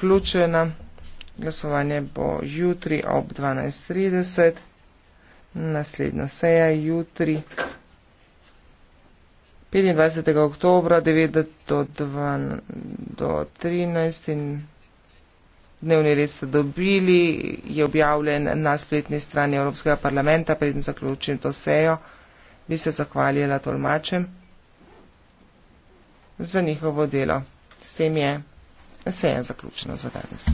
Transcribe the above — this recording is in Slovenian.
zaključena. Glasovanje bo jutri ob 12.30. Naslednja seja jutri 25. oktobra 9 do, 12, do 13. In dnevni res ste dobili, je objavljen na spletni strani Evropskega parlamenta, preden zaključim to sejo. Bi se zahvalila tolmačem za njihovo delo. S tem je Seja je zaključena za danes.